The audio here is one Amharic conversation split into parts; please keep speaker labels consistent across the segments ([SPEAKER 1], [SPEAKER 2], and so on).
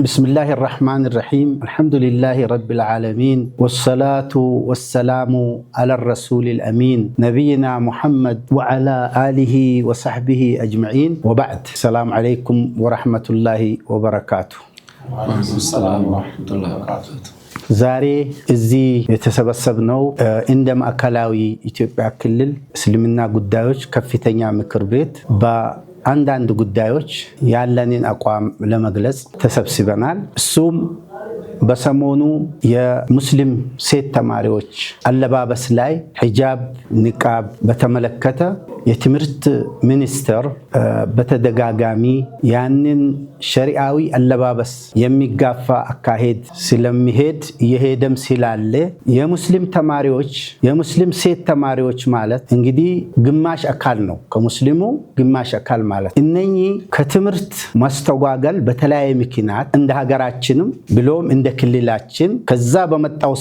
[SPEAKER 1] بسم الله الرحمن الرحيم الحمد لله رب العالمين والصلاة والسلام على الرسول الأمين نبينا محمد وعلى آله وصحبه أجمعين وبعد السلام عليكم ورحمة الله وبركاته
[SPEAKER 2] وعليكم السلام ورحمة الله وبركاته
[SPEAKER 1] ዛሬ እዚህ የተሰበሰብነው እንደ ማዕከላዊ ኢትዮጵያ ክልል እስልምና ጉዳዮች ከፍተኛ ምክር ቤት አንዳንድ ጉዳዮች ያለንን አቋም ለመግለጽ ተሰብስበናል። እሱም በሰሞኑ የሙስሊም ሴት ተማሪዎች አለባበስ ላይ ሂጃብ ንቃብ በተመለከተ የትምህርት ሚኒስቴር በተደጋጋሚ ያንን ሸሪአዊ አለባበስ የሚጋፋ አካሄድ ስለሚሄድ እየሄደም ስላለ የሙስሊም ተማሪዎች የሙስሊም ሴት ተማሪዎች ማለት እንግዲህ ግማሽ አካል ነው፣ ከሙስሊሙ ግማሽ አካል ማለት እነኚህ ከትምህርት ማስተጓገል በተለያየ ምክንያት እንደ ሀገራችንም ብሎም እንደ ክልላችን ከዛ በመጣው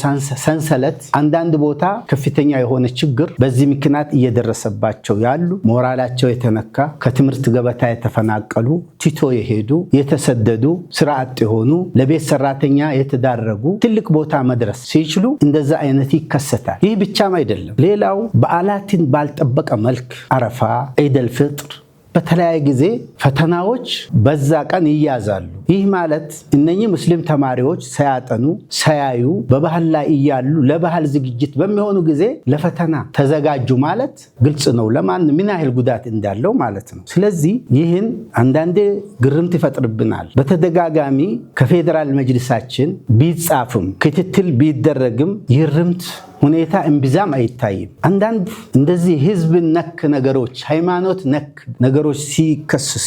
[SPEAKER 1] ሰንሰለት አንዳንድ ቦታ ከፍተኛ የሆነ ችግር በዚህ ምክንያት እየደረሰባቸው ያሉ ሞራላቸው የተነካ ከትምህርት ገበታ የተፈናቀሉ ቲቶ የሄዱ የተሰደዱ ስራ አጥ የሆኑ ለቤት ሰራተኛ የተዳረጉ ትልቅ ቦታ መድረስ ሲችሉ እንደዛ አይነት ይከሰታል። ይህ ብቻም አይደለም። ሌላው በዓላትን ባልጠበቀ መልክ አረፋ፣ ዒደል ፍጥር። በተለያየ ጊዜ ፈተናዎች በዛ ቀን ይያዛሉ። ይህ ማለት እነኚህ ሙስሊም ተማሪዎች ሳያጠኑ ሳያዩ በባህል ላይ እያሉ ለባህል ዝግጅት በሚሆኑ ጊዜ ለፈተና ተዘጋጁ ማለት ግልጽ ነው፣ ለማን ምን ያህል ጉዳት እንዳለው ማለት ነው። ስለዚህ ይህን አንዳንዴ ግርምት ይፈጥርብናል። በተደጋጋሚ ከፌዴራል መጅልሳችን ቢጻፍም ክትትል ቢደረግም ይርምት ሁኔታ እምብዛም አይታይም። አንዳንድ እንደዚህ ህዝብ ነክ ነገሮች፣ ሃይማኖት ነክ ነገሮች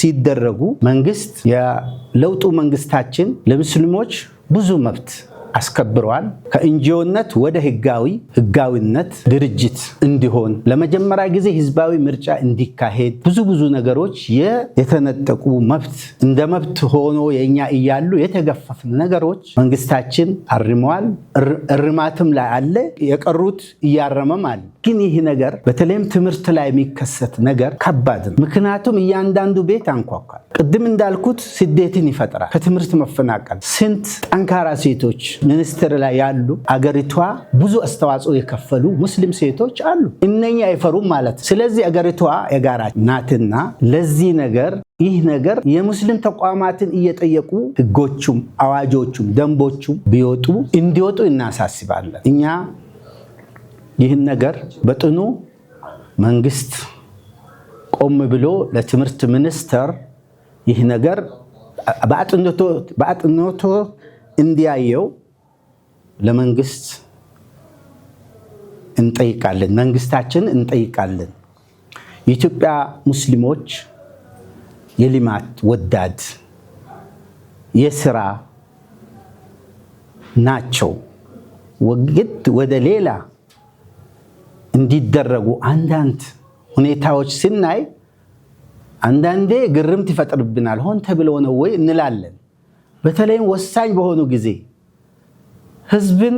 [SPEAKER 1] ሲደረጉ መንግስት የለውጡ መንግስታችን ለሙስሊሞች ብዙ መብት አስከብረዋል። ከእንጂዮነት ወደ ህጋዊ ህጋዊነት ድርጅት እንዲሆን ለመጀመሪያ ጊዜ ህዝባዊ ምርጫ እንዲካሄድ ብዙ ብዙ ነገሮች የተነጠቁ መብት እንደ መብት ሆኖ የእኛ እያሉ የተገፈፍን ነገሮች መንግስታችን አርመዋል። እርማትም ላይ አለ፣ የቀሩት እያረመም አለ። ግን ይህ ነገር በተለይም ትምህርት ላይ የሚከሰት ነገር ከባድ ነው። ምክንያቱም እያንዳንዱ ቤት አንኳኳል። ቅድም እንዳልኩት ስደትን ይፈጥራል። ከትምህርት መፈናቀል ስንት ጠንካራ ሴቶች ሚኒስትር ላይ ያሉ አገሪቷ ብዙ አስተዋጽኦ የከፈሉ ሙስሊም ሴቶች አሉ። እነኛ አይፈሩም ማለት ስለዚህ አገሪቷ የጋራ ናትና ለዚህ ነገር ይህ ነገር የሙስሊም ተቋማትን እየጠየቁ ህጎቹም፣ አዋጆቹም፣ ደንቦቹም ቢወጡ እንዲወጡ እናሳስባለን። እኛ ይህን ነገር በጥኑ መንግስት ቆም ብሎ ለትምህርት ሚኒስቴር ይህ ነገር በአጥንቶ እንዲያየው ለመንግስት እንጠይቃለን፣ መንግስታችን እንጠይቃለን። የኢትዮጵያ ሙስሊሞች የልማት ወዳድ የስራ ናቸው። ወግድ ወደ ሌላ እንዲደረጉ አንዳንድ ሁኔታዎች ስናይ አንዳንዴ ግርምት ይፈጥርብናል። ሆን ተብሎ ነው ወይ እንላለን። በተለይም ወሳኝ በሆኑ ጊዜ ህዝብን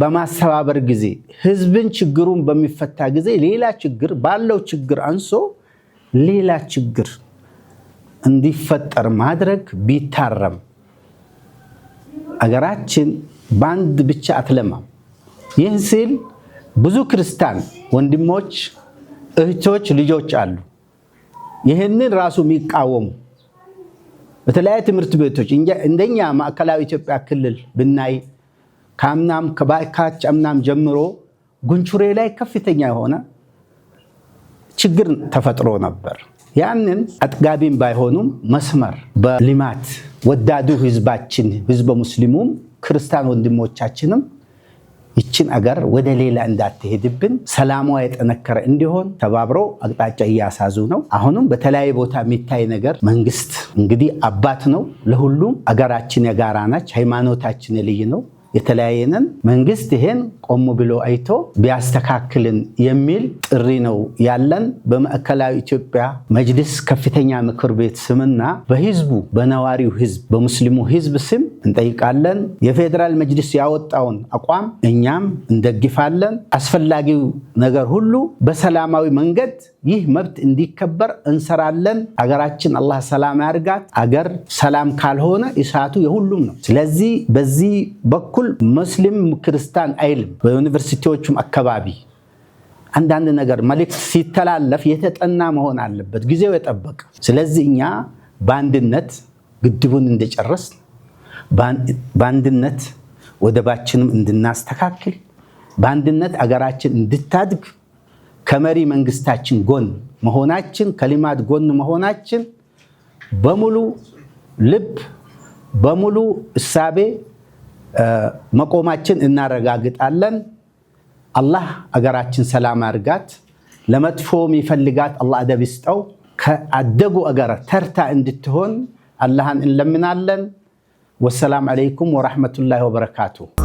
[SPEAKER 1] በማሰባበር ጊዜ ህዝብን ችግሩን በሚፈታ ጊዜ ሌላ ችግር ባለው ችግር አንሶ ሌላ ችግር እንዲፈጠር ማድረግ ቢታረም አገራችን በአንድ ብቻ አትለማም። ይህን ሲል ብዙ ክርስቲያን ወንድሞች፣ እህቶች፣ ልጆች አሉ ይህንን ራሱ የሚቃወሙ በተለያየ ትምህርት ቤቶች እንደኛ ማዕከላዊ ኢትዮጵያ ክልል ብናይ ከአምናም ከባካች አምናም ጀምሮ ጉንቹሬ ላይ ከፍተኛ የሆነ ችግር ተፈጥሮ ነበር። ያንን አጥጋቢም ባይሆኑም መስመር በልማት ወዳዱ ህዝባችን ህዝበ ሙስሊሙም ክርስቲያን ወንድሞቻችንም ይችን አገር ወደ ሌላ እንዳትሄድብን ሰላሟ የጠነከረ እንዲሆን ተባብሮ አቅጣጫ እያሳዙ ነው። አሁንም በተለያየ ቦታ የሚታይ ነገር መንግስት እንግዲህ አባት ነው ለሁሉም። አገራችን የጋራ ናች፣ ሃይማኖታችን የልይ ነው የተለያየንን መንግስት ይሄን ቆም ብሎ አይቶ ቢያስተካክልን የሚል ጥሪ ነው ያለን። በማዕከላዊ ኢትዮጵያ መጅልስ ከፍተኛ ምክር ቤት ስምና በህዝቡ በነዋሪው ህዝብ በሙስሊሙ ህዝብ ስም እንጠይቃለን። የፌዴራል መጅልስ ያወጣውን አቋም እኛም እንደግፋለን። አስፈላጊው ነገር ሁሉ በሰላማዊ መንገድ ይህ መብት እንዲከበር እንሰራለን። አገራችን አላህ ሰላም ያርጋት አገር ሰላም ካልሆነ እሳቱ የሁሉም ነው። ስለዚህ በዚህ በኩል ሙስሊም ክርስቲያን አይልም። በዩኒቨርሲቲዎቹም አካባቢ አንዳንድ ነገር መልእክት ሲተላለፍ የተጠና መሆን አለበት፣ ጊዜው የጠበቀ። ስለዚህ እኛ በአንድነት ግድቡን እንደጨረስ በአንድነት ወደባችንም እንድናስተካክል በአንድነት አገራችን እንድታድግ ከመሪ መንግስታችን ጎን መሆናችን ከልማት ጎን መሆናችን በሙሉ ልብ በሙሉ እሳቤ መቆማችን እናረጋግጣለን። አላህ አገራችን ሰላም አድርጋት። ለመጥፎ የሚፈልጋት አላህ አደብ ይስጠው። ከአደጉ አገር ተርታ እንድትሆን አላህን እንለምናለን። ወሰላም አለይኩም ወራህመቱላሂ ወበረካቱሁ